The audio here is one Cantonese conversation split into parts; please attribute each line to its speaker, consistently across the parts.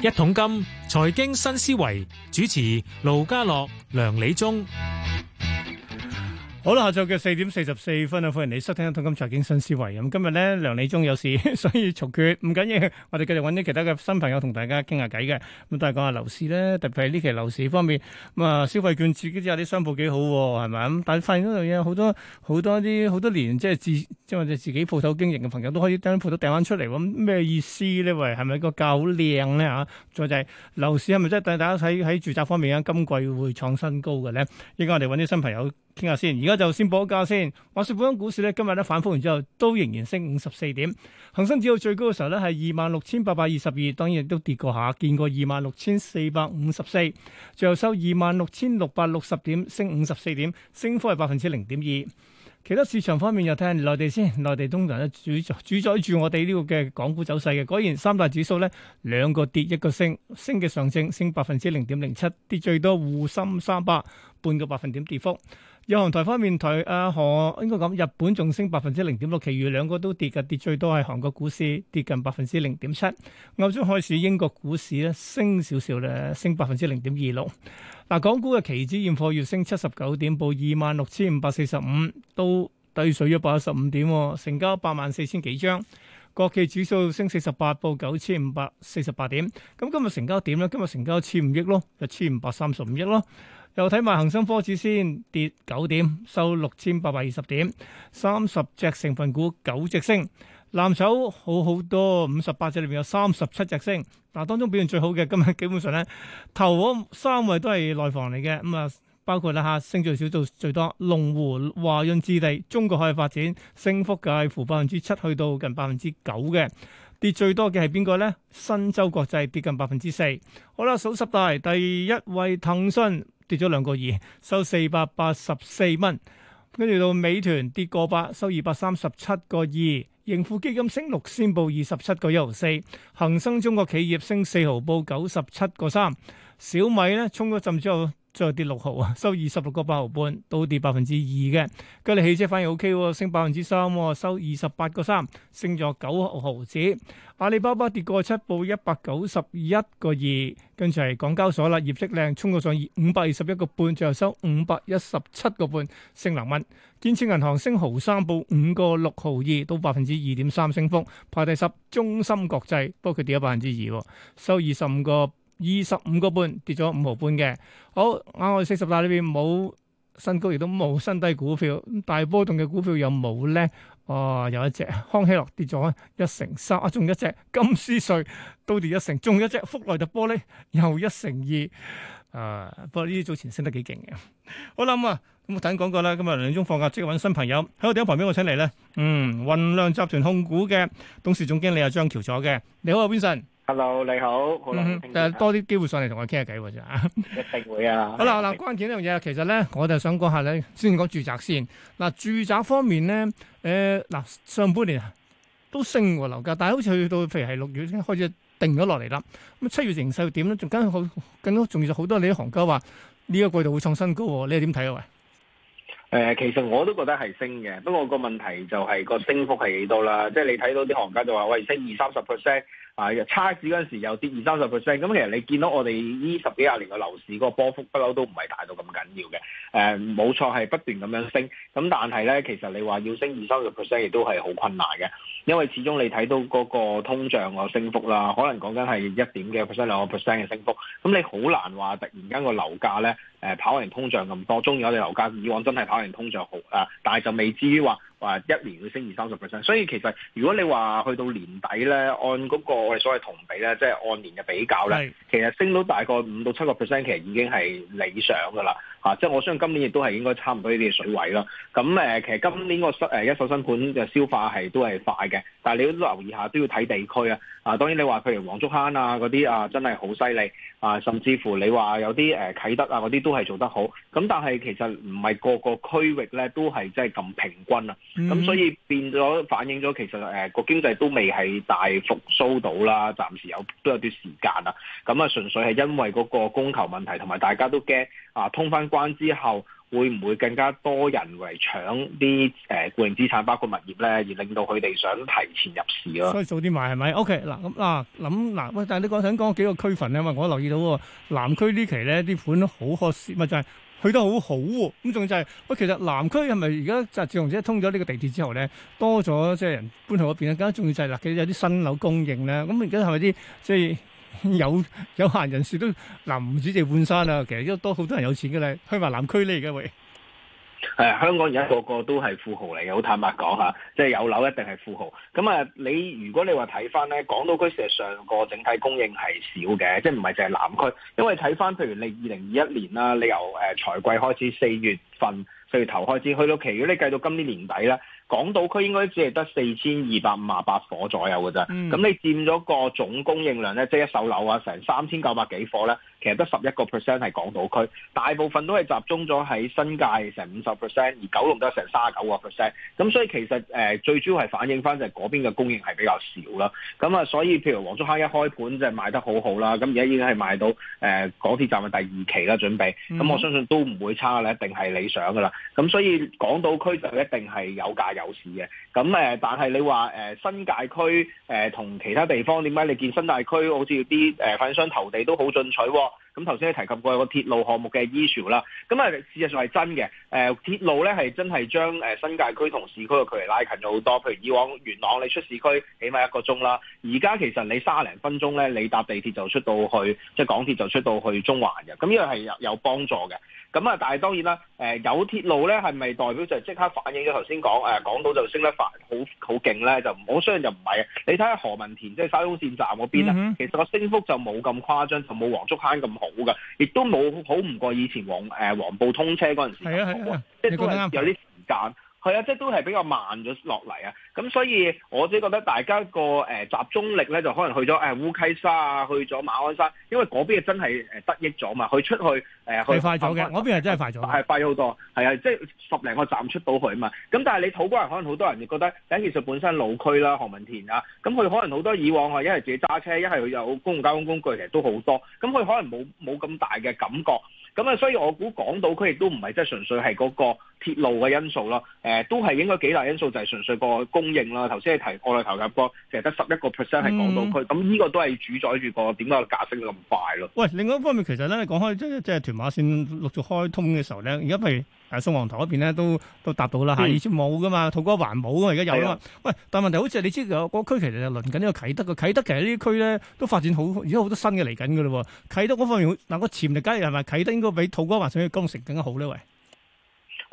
Speaker 1: 一桶金財經新思維，主持盧家樂、梁理忠。好啦，下晝嘅四點四十四分啊！歡迎你收聽一《通金財經新思維》咁。今日咧梁理忠有事， 所以從缺唔緊要。我哋繼續揾啲其他嘅新朋友同大家傾下偈嘅咁。都係講下樓市咧，特別係呢期樓市方面咁啊、嗯。消費券刺激之下，啲商鋪幾好係咪？咁，但係發現嗰度有好多好多啲好多年即係自即或者自己鋪頭經營嘅朋友都可以將鋪頭掟翻出嚟咁，咩意思咧？喂，係咪個價好靚咧？吓、啊？再就係樓市係咪真係大家睇喺住宅方面咧，今季會創新高嘅咧？應該我哋揾啲新朋友。傾下先，而家就先報一價先。話説，本港股市咧，今日咧反覆完之後，都仍然升五十四點。恒生指數最高嘅時候咧，係二萬六千八百二十二，當然亦都跌過下，見過二萬六千四百五十四，最後收二萬六千六百六十點，升五十四點，升幅係百分之零點二。其他市場方面又睇下內地先，內地通常咧主主宰住我哋呢個嘅港股走勢嘅。果然三大指數咧，兩個跌一個升，升嘅上證，升百分之零點零七，跌最多滬深三百半個百分點跌幅。有行台方面，台阿何應該講，日本仲升百分之零點六，其餘兩個都跌嘅，跌最多係韓國股市跌近百分之零點七。歐洲開始，英國股市咧升少少咧，升百分之零點二六。嗱、啊，港股嘅期指現貨月升七十九點，報二萬六千五百四十五，都低水一百十五點，成交八萬四千幾張。國企指數升四十八，報九千五百四十八點。咁、啊、今日成交點咧，今日成交一千五億咯，一千五百三十五億咯。又睇埋恒生科指先，跌九點，收六千八百二十點。三十隻成分股九隻升，藍籌好好多，五十八隻裏面有三十七隻升。嗱，當中表現最好嘅，今日基本上咧頭嗰三位都係內房嚟嘅咁啊，包括啦嚇，升最少到最多龍湖、華潤置地、中國海外發展，升幅介乎百分之七去到近百分之九嘅。跌最多嘅係邊個咧？新洲國際跌近百分之四。好啦，數十大第一位騰訊。跌咗兩個二，收四百八十四蚊。跟住到美團跌個八，收二百三十七個二。盈富基金升六仙，報二十七個一毫四。恒生中國企業升四毫，報九十七個三。小米咧衝咗浸之後。最後跌六毫啊，收二十六個八毫半，都跌百分之二嘅。跟住汽車反而 O K 喎，升百分之三，收二十八個三，升咗九毫子。阿里巴巴跌個七，報一百九十一個二。跟住係港交所啦，業績靚，衝過上五百二十一個半，最後收五百一十七個半，升兩蚊。建設銀行升毫三，報五個六毫二，到百分之二點三升幅，排第十。中芯國際，不過佢跌咗百分之二，收二十五個。二十五個半跌咗五毫半嘅，好啱我、啊、四十大裏邊冇新高，亦都冇新低股票，大波動嘅股票又有冇咧？啊、哦，有一隻康希諾跌咗一成三，仲一隻金斯瑞都跌一成，仲一隻福萊特玻璃又一成二。啊，不過呢啲早前升得幾勁嘅。好啦咁啊，咁頭先講過啦，今日兩點鐘放假，即係揾新朋友喺我哋話旁邊，我請嚟咧。嗯，雲亮集團控股嘅董事總經理阿張翹楚嘅，你好啊，Vincent。
Speaker 2: hello，你好，
Speaker 1: 好啦，嗯啊、多啲機會上嚟同我傾下偈啫吓。
Speaker 2: 一定
Speaker 1: 會啊！好啦，嗱的，關鍵呢樣嘢，其實咧，我就想講下咧，先講住宅先。嗱，住宅方面咧，誒，嗱，上半年啊都升過樓價，但係好似去到，譬如係六月咧開始定咗落嚟啦。咁七月形勢點咧？仲更好，更加重要多，仲有好多啲行家話呢個季度會創新高，你係點睇啊？喂，
Speaker 2: 誒，其實我都覺得係升嘅，不過個問題就係個升幅係幾多啦。即係你睇到啲行家就話喂升二三十 percent。係嘅，差市嗰陣時又跌二三十 percent，咁其實你見到我哋呢十幾廿年嘅樓市嗰個波幅不嬲都唔係大到咁緊要嘅。誒、嗯，冇錯係不斷咁樣升，咁但係咧，其實你話要升二三十 percent 亦都係好困難嘅，因為始終你睇到嗰個通脹個升幅啦，可能講緊係一點幾 percent 兩個 percent 嘅升幅，咁你好難話突然間個樓價咧誒、啊、跑贏通脹咁多，當然我哋樓價以往真係跑贏通脹好啊，但係就未至於話話一年會升二三十 percent，所以其實如果你話去到年底咧，按嗰個所謂同比咧，即係按年嘅比較咧，是其實升到大概五到七個 percent，其實已經係理想㗎喇。啊，即係我相信今年亦都係應該差唔多呢啲水位咯。咁、啊、誒，其實今年個新一手新盤嘅消化係都係快嘅，但係你都留意下都要睇地區啊。啊，當然你話譬如黃竹坑啊嗰啲啊，真係好犀利啊，甚至乎你話有啲誒、啊、啟德啊嗰啲都係做得好。咁但係其實唔係個個區域咧都係即係咁平均啊。咁、嗯啊、所以變咗反映咗其實誒個、啊、經濟都未係大復甦到啦，暫時有都有啲時間啦、啊。咁啊，純粹係因為嗰個供求問題同埋大家都驚。啊，通翻關之後，會唔會更加多人為搶啲誒固定資產，包括物業咧，而令到佢哋想提前入市咯？所以
Speaker 1: 早啲買係咪？OK，嗱咁嗱諗嗱喂，但係你講想講幾個區份嘛？我留意到喎，南區期呢期咧啲盤好可視，咪就係、是、去得好好、啊、喎。咁仲要就係、是、喂，其實南區係咪而家自從通咗呢個地鐵之後咧，多咗即係人搬去嗰邊更加重要就係、是、嗱，其實有啲新樓供應咧。咁而家係咪啲即係？ 有有限人士都南主席換衫啦、啊，其實都多好多人有錢嘅咧，去埋南區咧而家喂，
Speaker 2: 係啊，香港而家個個都係富豪嚟，好坦白講吓，即係有樓一定係富豪。咁啊，你如果你話睇翻咧，港島區事實上個整體供應係少嘅，即係唔係淨係南區，因為睇翻譬如你二零二一年啦，你由誒財季開始四月份四月頭開始，去到其餘你計到今年年底咧。港島區應該只係得四千二百五十八伙左右嘅啫，咁、嗯、你佔咗個總供應量咧，即、就、係、是、一手樓啊，成三千九百幾夥咧。其實得十一個 percent 係港島區，大部分都係集中咗喺新界成五十 percent，而九龍都成三十九個 percent。咁所以其實誒、呃、最主要係反映翻就係嗰邊嘅供應係比較少啦。咁啊，所以譬如黃竹坑一開盤就係賣得好好啦。咁而家已經係賣到誒、呃、港鐵站嘅第二期啦，準備。咁我相信都唔會差啦，一定係理想噶啦。咁所以港島區就一定係有價有市嘅。咁誒、呃，但係你話誒、呃、新界區誒同、呃、其他地方點解你見新界區好似啲誒發展商投地都好進取，啊？咁頭先你提及過個鐵路項目嘅 issue 啦，咁啊事實上係真嘅。誒、呃、鐵路咧係真係將誒新界區同市區嘅距離拉近咗好多，譬如以往元朗你出市區起碼一個鐘啦，而家其實你三十零分鐘咧，你搭地鐵就出到去，即係港鐵就出到去中環嘅，咁呢個係有有幫助嘅。咁啊，但係當然啦，誒、呃、有鐵路咧係咪代表就即刻反映咗頭先講誒港島就升得快，好好勁咧？就唔好相信就唔係啊！你睇下何文田即係、就是、沙中線站嗰邊、嗯、哼其實個升幅就冇咁誇張，就冇黃竹坑咁好嘅，亦都冇好唔過以前黃誒黃埔通車嗰陣時。啊 嗯、即係都係有啲時間，係啊，即係都係比較慢咗落嚟啊。咁所以我只覺得大家個誒、呃、集中力咧，就可能去咗誒、呃、烏溪沙啊，去咗馬鞍山，因為嗰邊真係誒得益咗嘛。佢出去誒、呃、去快咗嘅，嗰、啊、邊係真係快咗，係、啊、快好多。係啊，即係十零個站出到去啊嘛。咁但係你土瓜灣可能好多人就覺得第一件本身老區啦，何文田啊，咁佢可能好多以往啊，一係自己揸車，一係有公共交通工具，其實都好多。咁佢可能冇冇咁大嘅感覺。咁啊，所以我估港島區亦都唔係即係純粹係嗰個鐵路嘅因素咯，誒、呃，都係應該幾大因素就係純粹個供應啦。頭先你提過啦，投入過其實得十一個 percent 係港島區，咁呢、嗯、個都係主宰住個點解價升咁快咯。
Speaker 1: 喂，另外一方面其實咧，你講開即係即係屯馬線陸續開通嘅時候咧，而家咪。啊！宋皇台嗰邊咧都都達到啦吓，以前冇噶嘛，土瓜灣冇噶，而家有嘛。有的喂，但係問題好似你知，那個個區其實就輪緊呢個啟德噶，啟德其實區呢啲區咧都發展好，而家好多新嘅嚟緊噶咯。啟德嗰方面嗱、那個潛力是是，加係係咪啟德應該比土瓜灣上去工城更加好咧？喂，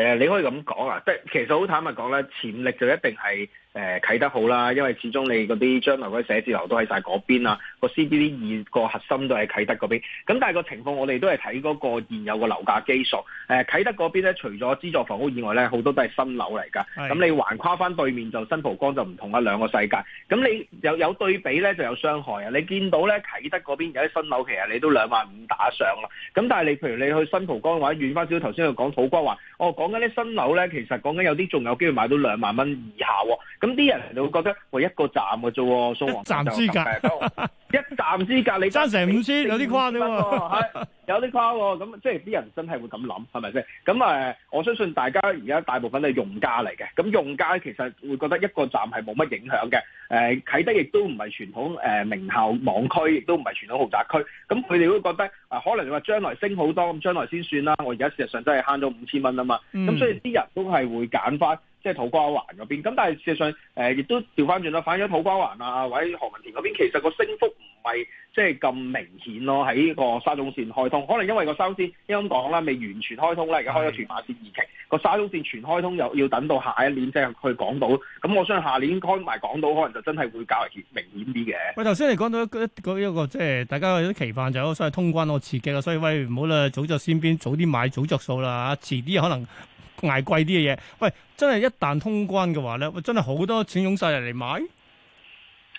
Speaker 2: 誒，你可以咁講啊，即係其實好坦白講咧，潛力就一定係。誒、呃、啟德好啦，因為始終你嗰啲將來嗰啲寫字樓都喺晒嗰邊啊，個 CBD 二個核心都喺啟德嗰邊。咁但係個情況，我哋都係睇嗰個現有個樓價基礎。誒、呃、啟德嗰邊咧，除咗資助房屋以外咧，好多都係新樓嚟㗎。咁的、嗯、你橫跨翻對面就新蒲崗就唔同啦，兩個世界。咁你有有對比咧就有傷害啊！你見到咧啟德嗰邊有啲新樓，其實你都兩萬五打上啦。咁但係你譬如你去新蒲崗或者遠翻少少，頭先我講土瓜灣，我講緊啲新樓咧，其實講緊有啲仲有機會買到兩萬蚊以下喎。咁啲人就會覺得，喂，一個站嘅啫，送站， 站資格， 一站資格你爭成五千、啊， 有啲誇啫喎、啊，有啲誇喎，咁即係啲人真係會咁諗，係咪先？咁誒、呃，我相信大家而家大部分都係用家嚟嘅，咁用家其實會覺得一個站係冇乜影響嘅，誒、呃，啟德亦都唔係傳統誒、呃、名校網區，亦都唔係傳統豪宅區，咁佢哋會覺得，啊、呃，可能你話將來升好多，咁將來先算啦，我而家事實上真係慳咗五千蚊啊嘛，咁所以啲人都係會揀翻。即係土瓜灣嗰邊，咁但係事實上，誒、呃、亦都調翻轉啦，反咗土瓜灣啊，或者何文田嗰邊，其實個升幅唔係即係咁明顯咯。喺個沙中線開通，可能因為個沙中線香港啦未完全開通啦，而家開咗屯馬線二期，個沙中線全開通又要等到下一年，即係去港島。咁我相信下年開埋港島，可能就真係會較為明顯啲嘅。
Speaker 1: 喂，頭先你講到一個即係大家有啲期盼，就係想通關我刺激咯，所以喂唔好啦，早著先邊，早啲買，早着數啦嚇，遲啲可能，捱貴啲嘅嘢，喂、嗯！真係一旦通關嘅話咧，真係好多錢湧晒嚟嚟買。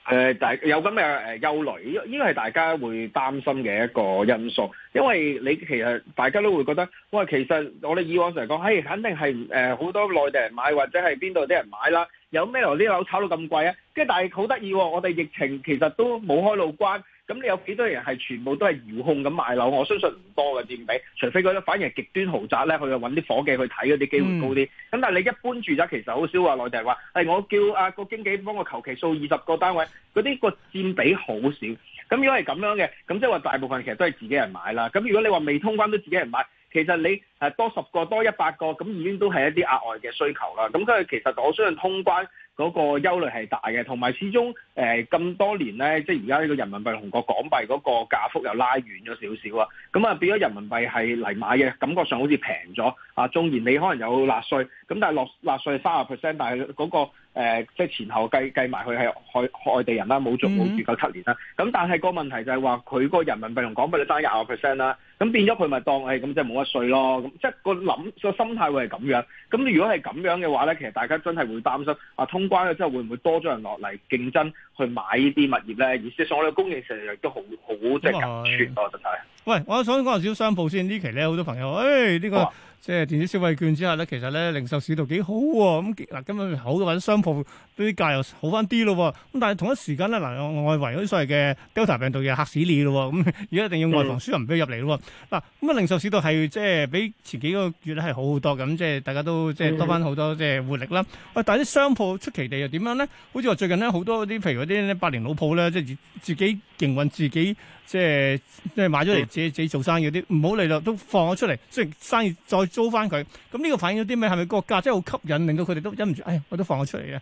Speaker 2: 誒，大有咁嘅誒憂慮，呢個係大家會擔心嘅一個因素，因為你其實大家都會覺得，喂，其實我哋以往成日講，係肯定係誒好多內地人買，或者係邊度啲人買啦。有咩嚟啲樓炒到咁貴啊？跟住但係好得意喎，我哋疫情其實都冇開路關。咁你有幾多人係全部都係遙控咁買樓？我相信唔多嘅佔比，除非覺得反而係極端豪宅咧，佢就揾啲伙計去睇嗰啲機會高啲。咁但係你一般住宅其實好少話內地話，係、哎、我叫啊個經紀幫我求其掃二十個單位，嗰啲個佔比好少。咁如果係咁樣嘅，咁即係話大部分其實都係自己人買啦。咁如果你話未通關都自己人買。其實你係多十個多一百個咁已經都係一啲額外嘅需求啦。咁所以其實我相信通關嗰個憂慮係大嘅，同埋始終誒咁、呃、多年咧，即係而家呢個人民幣同個港幣嗰個價幅又拉遠咗少少啊。咁啊變咗人民幣係嚟買嘅，感覺上好似平咗啊。縱然你可能有納稅，咁但係落納稅三十 percent，但係嗰、嗰個。誒、呃，即係前後計計埋，佢係外外地人啦，冇做冇住夠七年啦。咁但係個問題就係話，佢個人民幣同港幣都爭廿個 percent 啦。咁變咗佢咪當係咁，即係冇乜稅咯。咁即係個諗個心態會係咁樣。咁你如果係咁樣嘅話咧，其實大家真係會擔心啊，通關咗之後會唔會多咗人落嚟競爭去買呢啲物業咧？而所以，我哋嘅供應成日都好好即係夾斷咯，真係、
Speaker 1: 啊。喂，我想講下少商鋪先報。呢期咧，好多朋友，誒、欸、呢、這個。啊。即係電子消費券之下咧，其實咧零售市道幾好喎、啊，咁嗱今日好揾商鋪啲價又好翻啲咯，咁但係同一時間咧嗱、呃，外圍嗰啲所謂嘅 Delta 病毒又嚇死你咯，咁而家一定要外防輸入唔俾入嚟咯，嗱咁啊零售市道係即係比前幾個月咧係好好多嘅，咁即係大家都即係多翻好多、嗯、即係活力啦，喂，但係啲商鋪出奇地又點樣咧？好似話最近咧好多嗰啲，譬如嗰啲百年老鋪咧，即係自己。營運自己即係即係買咗嚟自己自己做生意嗰啲唔好利率都放咗出嚟，雖然生意再租翻佢。咁呢個反映咗啲咩？係咪個價真係好吸引，令到佢哋都忍唔住？哎呀，我都放咗出嚟嘅。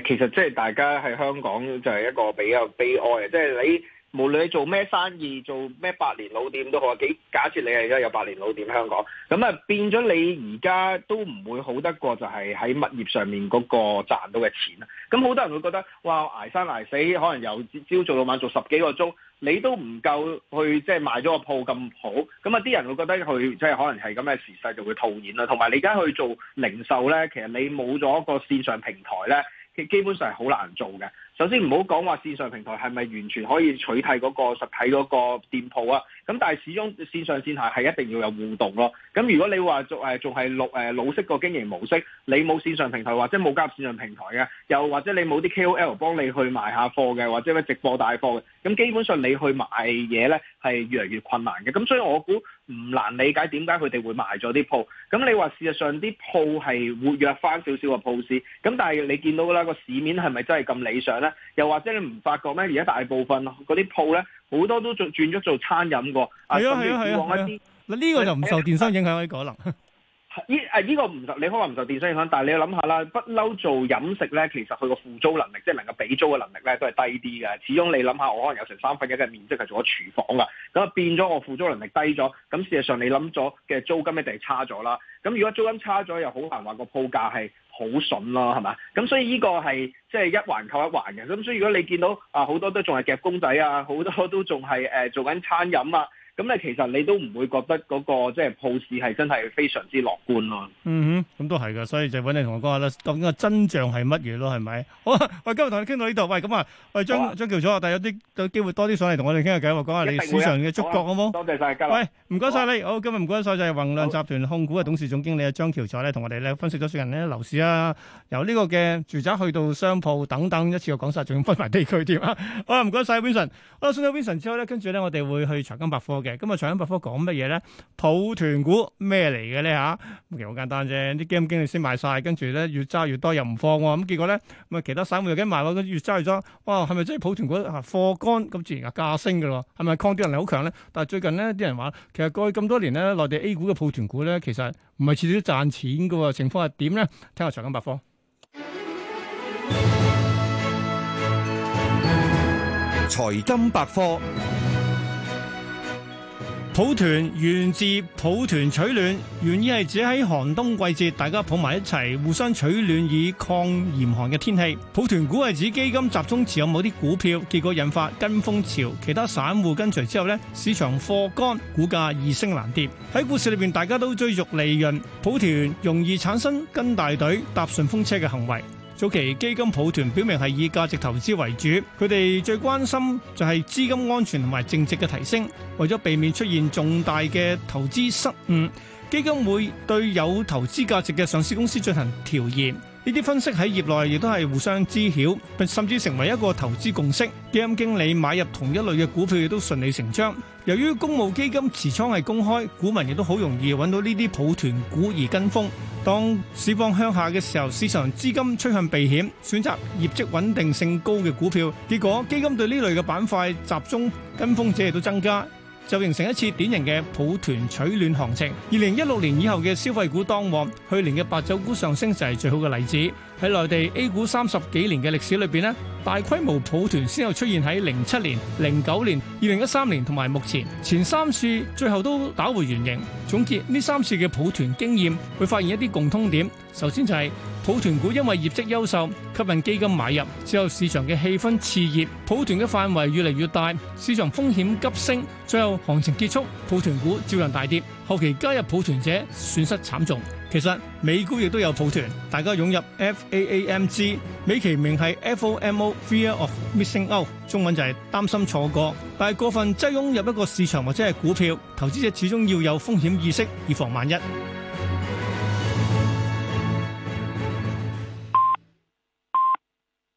Speaker 2: 誒，其實即係大家喺香港就係一個比較悲哀，即係你。無論你做咩生意，做咩百年老店都好，幾假設你係而家有百年老店香港，咁啊變咗你而家都唔會好得過，就係喺物業上面嗰個賺到嘅錢啦。咁好多人會覺得，哇，捱生捱死，可能由朝做到晚做十幾個鐘，你都唔夠去即係賣咗個鋪咁好。咁啊啲人會覺得佢即係可能係咁嘅時勢就會套現啦。同埋你而家去做零售咧，其實你冇咗個線上平台咧。佢基本上係好難做嘅。首先唔好講話線上平台係咪完全可以取替嗰個實體嗰個店鋪啊？咁但係始終線上線下係一定要有互動咯。咁如果你話做誒仲係老誒老式個經營模式，你冇線上平台或者冇加入線上平台嘅，又或者你冇啲 KOL 幫你去賣下貨嘅，或者咩直播帶貨嘅，咁基本上你去賣嘢咧係越嚟越困難嘅。咁所以我估。唔難理解點解佢哋會賣咗啲鋪，咁你話事實上啲鋪係活躍翻少少個鋪市，咁但係你見到啦，個市面係咪真係咁理想咧？又或者你唔發覺咩？而家大部分嗰啲鋪咧，好多都轉轉咗做餐飲喎。係啊係啊係啊！嗱呢、啊
Speaker 1: 啊啊呢個就唔受電商影響嘅可能。
Speaker 2: 呢啊呢個唔受你可能唔受電商影響，但係你要諗下啦，不嬲做飲食咧，其實佢個付租能力，即係能夠俾租嘅能力咧，都係低啲嘅。始終你諗下，我可能有成三分一嘅面積係做咗廚房啊，咁啊變咗我付租能力低咗，咁事實上你諗咗嘅租金一定係差咗啦。咁如果租金差咗，又好難話個鋪價係好筍咯，係咪？咁所以呢個係即係一環扣一環嘅。咁所以如果你見到啊好多都仲係夾公仔啊，好多都仲係誒做緊餐飲啊。咁咧，其實你都唔會覺得嗰個即係鋪市係真係非常之樂觀咯。嗯
Speaker 1: 哼，咁都係噶，所以就揾你同我講下咧，究竟個真相係乜嘢咯？係咪？好、啊，我哋今日同你傾到呢度。喂，咁啊，喂張張翹楚啊，但係有啲有機會多啲上嚟同我哋傾下偈，話講下你市場嘅觸角好冇、啊？好多謝曬，夠。唔該晒你，好今日唔該晒就係宏亮集團控股嘅董事總經理張翹楚。咧，同我哋咧分析咗最近咧樓市啊，由呢個嘅住宅去到商鋪等等，一次過講晒，仲要分埋地區添啊！好啦，唔該晒 Vincent，好啦，送咗 Vincent 之後咧，跟住咧我哋會去財金百科嘅，咁啊財金百科講乜嘢咧？抱團股咩嚟嘅咧吓？其實好簡單啫，啲基金經理先賣晒，跟住咧越揸越多又唔放喎，哦，咁結果咧咁啊其他散戶又驚賣喎，越揸越多。哇係咪真係抱團股啊？貨乾咁自然啊價升嘅咯？係咪抗跌能力好強咧？但係最近咧啲人話。其實過去咁多年咧，內地 A 股嘅抱團股咧，其實唔係次次都賺錢噶喎。情況係點咧？聽下財金百科。財金百科。抱團源自抱團取暖，原意係指喺寒冬季節大家抱埋一齊，互相取暖以抗嚴寒嘅天氣。抱團股係指基金集中持有某啲股票，結果引發跟風潮，其他散戶跟隨之後咧，市場貨乾，股價易升難跌。喺股市裏邊，大家都追逐利潤，抱團容易產生跟大隊搭順風車嘅行為。早期基金抱團表明係以價值投資為主，佢哋最關心就係資金安全同埋淨值嘅提升。為咗避免出現重大嘅投資失誤，基金會對有投資價值嘅上市公司進行調研。呢啲分析喺業內亦都係互相知曉，甚至成為一個投資共識。基金經理買入同一類嘅股票亦都順理成章。由於公募基金持倉係公開，股民亦都好容易揾到呢啲抱團股而跟風。當市況向下嘅時候，市場資金趨向避險，選擇業績穩定性高嘅股票。結果基金對呢類嘅板塊集中跟風者亦都增加。就形成一次典型嘅抱團取暖行情。二零一六年以後嘅消費股當旺，去年嘅白酒股上升就係最好嘅例子。喺內地 A 股三十幾年嘅歷史裏邊咧，大規模抱團先有出現喺零七年、零九年、二零一三年同埋目前前三次，最後都打回原形。總結呢三次嘅抱團經驗，會發現一啲共通點。首先就係、是。抱團股因為業績優秀，吸引基金買入，之後市場嘅氣氛熾熱，抱團嘅範圍越嚟越大，市場風險急升，最後行情結束，抱團股照樣大跌。後期加入抱團者損失慘重。其實美股亦都有抱團，大家湧入 FAAMG，美其名係 FOMO（Fear of Missing Out），中文就係擔心錯過，但係過分擠湧入一個市場或者係股票，投資者始終要有風險意識，以防萬一。